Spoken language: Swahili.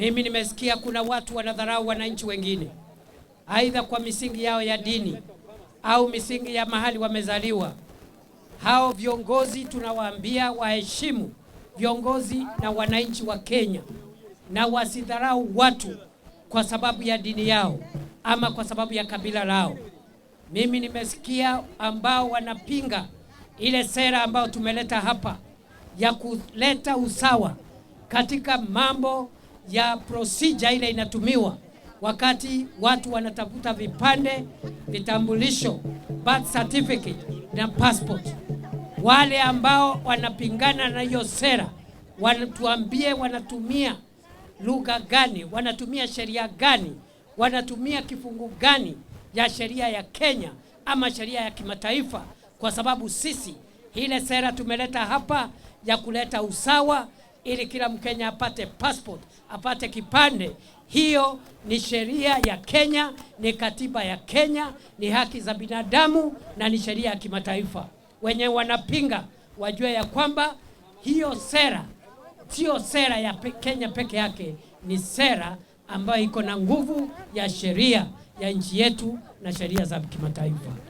Mimi nimesikia kuna watu wanadharau wananchi wengine, aidha kwa misingi yao ya dini au misingi ya mahali wamezaliwa. Hao viongozi tunawaambia waheshimu viongozi na wananchi wa Kenya na wasidharau watu kwa sababu ya dini yao ama kwa sababu ya kabila lao. Mimi nimesikia ambao wanapinga ile sera ambayo tumeleta hapa ya kuleta usawa katika mambo ya procedure ile inatumiwa wakati watu wanatafuta vipande, vitambulisho, birth certificate na passport. Wale ambao wanapingana na hiyo sera wanatuambie wanatumia lugha gani, wanatumia sheria gani, wanatumia kifungu gani ya sheria ya Kenya ama sheria ya kimataifa, kwa sababu sisi ile sera tumeleta hapa ya kuleta usawa ili kila Mkenya apate passport, apate kipande. Hiyo ni sheria ya Kenya, ni katiba ya Kenya, ni haki za binadamu na ni sheria ya kimataifa. Wenye wanapinga wajue ya kwamba hiyo sera sio sera ya pe Kenya peke yake, ni sera ambayo iko na nguvu ya sheria ya nchi yetu na sheria za kimataifa.